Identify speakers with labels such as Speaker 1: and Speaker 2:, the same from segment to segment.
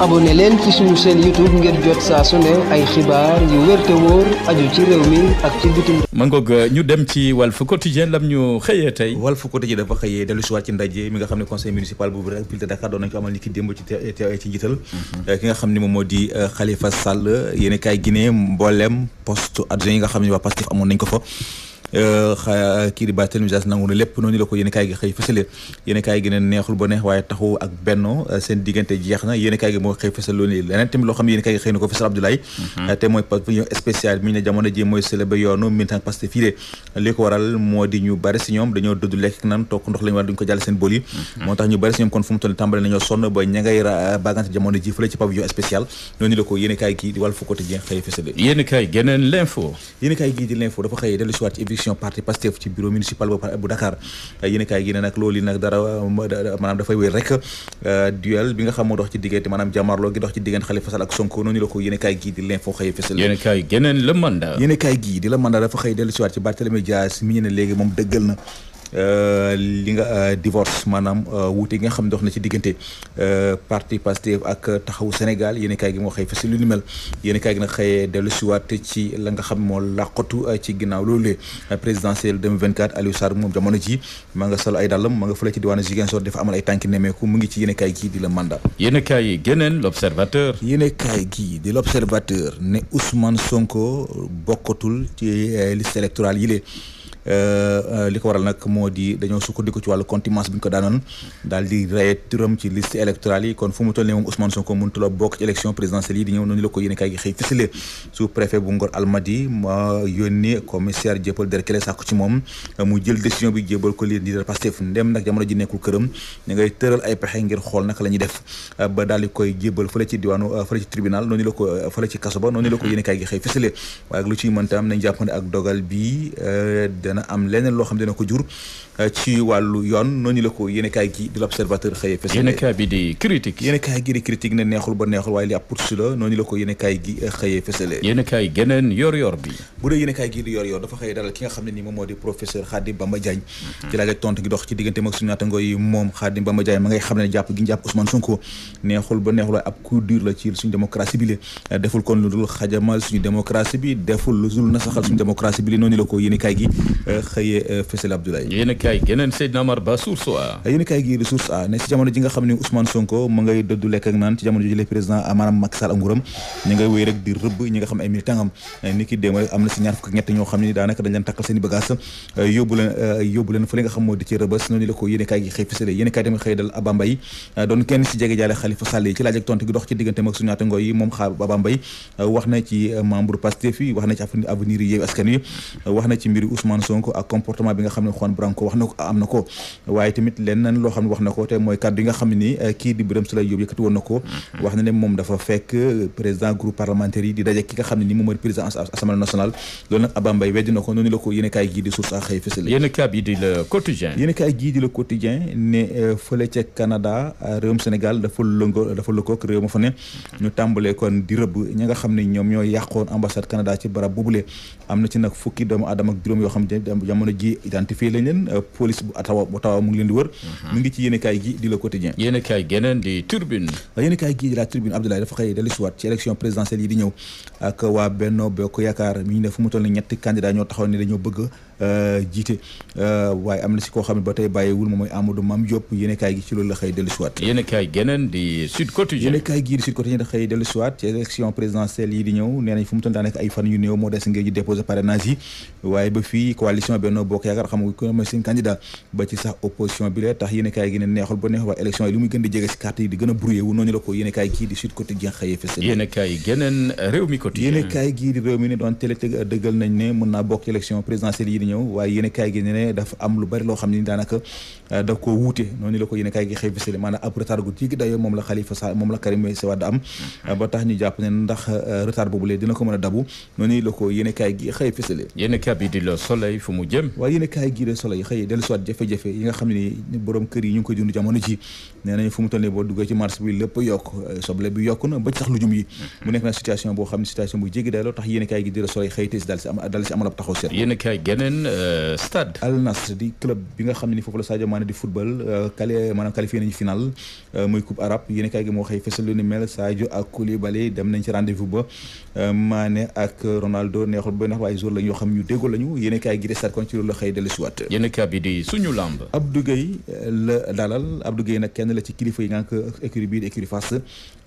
Speaker 1: abonné leen ci suñu YouTube ngir jot saa su ne ay xibaar yu wér te
Speaker 2: aju ci réew mi ak ci bitim. ma ngoog euh, ñu dem ci Walf Quotidien lam ñu xëyee tey. Walf Quotidien dafa xëyee dellu si waat ci ndaje mi nga xam ne conseil municipal bu ville de Dakar doon nañu ko amal ni ki démb ci ci njiital. Mhm. Euh, ki nga xam ne moom moo di euh, Khalifa Sall yéen a kaay Guinée mboolem poste adjoint yi nga xam ne waa Pastef amoon nañ ko fa. Euh, kii di Barthélémy Dias nangu na lépp noonu la ko yéen kaay gi xëy fësale euh, yéen kaay mhm. euh, mhm. geneen l'info yéen kaay gi di l'info dafa xëy dellu si waat ci section parti Pastef ci bureau municipal bu Dakar yéen kaay gi ne nag loolu yi nag dara maanaam dafay wéy rek euh, duel bi nga xam moo dox ci diggante maanaam jàmmarloo gi dox ci diggante Khalifa Sall ak Sonko noonu la ko yéen kaay gii di la mandat yéen kaay gii di la mandat dafa xëy dellu siwaat ci Barthélémy Dias mi ñu léegi moom dëggal na Euh, li nga euh, divorce maanaam euh, wuute gi nga xam ne dox na ci diggante parti Pastef ak taxawu Sénégal yéen kaay gi moo xëy fësal lu ni mel yéen kaay gi nag xëyee dellu siwaat ci la nga xam moo làqatu ci ginnaaw loolu le présidentielle 2024 Aliou Sarr moom jamono ji maa nga solo ay dàllam ma nga fële ci diwaanu Ziguinchor dafa amal ay tànki nemeeku mu ngi ci yéen kaay gii di la mandat yéen kaay yi géneen l'observateur yéen kaay gii di l'observateur ne Ousmane Sonko bokkatul ci liste électorale Euh, euh, li ko waral nag moo di dañoo sukkandiku ci wàllu contumace bi ñu ko daanoon daal di rayé turam ci liste électorale yi kon fu mu toll nii moom Ousmane Sonko mënut a bokk ci élection présidentielle yi di ñëw noonu la ko yéene kaay gi xëy fësale sous préfet bu Ngor Almadi ma yónni commissaire jéppal Derkele sàkku ci moom mu jël décision bi jébal ko lii di Pastef ndem nag jamono ji nekkul këram ñu ngay tëral ay pexe ngir xool naka la def euh, ba daal di koy jébal fële ci dana am leneen loo xam dina ko jur euh, ci wàllu yoon noonu la ko yéenekaay gi di l'Observateur xëye fes yéenekaay gi di critique ne neexul ba neexul waaye li ab poursu la la noonu la ko yéenekaay gi euh, xëyee euh, fësal Abdoulaye yéen a kaay geneen Seydina Mar Ba si ah, jamono ji nga xam ne Ousmane Sonko ma ngay dëddu lekk ak naan ci jamono ji le président maanaam Macky Sall ak nguuram ñi nga xam ay militant ni ki démb am na si ñaar fukk ak ñoo xam ne daanaka dañ takkal seen i euh, yóbbu leen euh, yóbbu leen nga xam di ci rëbës noonu la ko gi xëy fësale yéen tamit xëy dal Abba doon kenn si jege jaale Khalifa Sall yi ci laaj ak tontu Sonko ak eh, mm-hmm. moom dafa eh, di président assemblée nationale loolu nag Abba Mbaye ko noonu la ko yéen a kaay gii di source a xëy fësal a quotidien a ne eh, fële Canada réew ma ne mm-hmm. ñu tàmbalee kon di rëbb ñi nga xam ne ñoom ñoo yàqoon ambassade Canada ci barab boobule am na ci nag fukki doomu adama juróom yoo xam xamante ne jamono ji identifié lañ leen euh, police bu Ottawa mu ngi leen di wër mhm. mu ngi ci yéen kaay euh, di la Tribune Abdoulaye dafa di ñëw ak waa fu mu toll ni ñetti ay fan yu néew moo des ngir ñu déposer parrainage yi waaye ba fii coalition Benno Bokk Yaakaar xam nga ko mooy seen ba ci sax opposition bi la tax yéen gi ne neexul ba neex waaye yéen gi ne ne dafa am lu bari loo xam ne daanaka euh, daf koo wuute noonu la ko yéen gi xëy
Speaker 1: fësale tey fu mu
Speaker 2: jëm waaye yéen a kaay gii de soleil xëy dellu soit jafe-jafe yi nga xam ni borom kër yi ñu ngi koy dund jamono ji nee nañ fu mu toll boo duggee ci marché bi lépp yokk euh, soble bi yokk na ba ci tax yi mu nekk na situation boo xam ne situation bu jéggi daal tax yéen a gi di la soleil xëy tey si daal si amal ab taxaw seet yéen a kaay geneen euh, di club euh, nañu a ci rendez-vous ba Mané ak Ronaldo neexul ba neex waaye jour la ñoo xam ñu déggoo a gi stade kon ci loolu la xëy waat
Speaker 1: yéen kabi di suñu lamb
Speaker 2: Abdou eh, la dalal Abdou nag kenn la ci kilifa yi nga ko écurie bi écurie Fass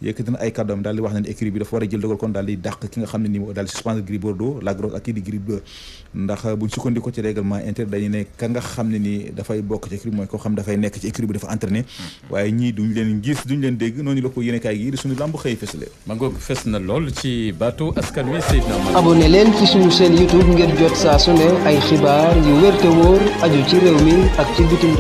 Speaker 2: yëkkati na ay kàddoom daal di wax ne ne écurie bi dafa war a jël dogal kon daal di dàq ki nga xam ni daal dafay bokk ci écurie mooy koo xam dafay nekk ci écurie bi dafa entraîné mm-hmm. waaye ñii duñ leen gis duñ leen dégg noonu la ko yéen kaay gi di suñu lamb xëy fësale
Speaker 1: ma ngoog fës na lool ci baatu askan wi abonné leen ci ci xibaar yu wér te wóor aju ci réew mi ak ci bitim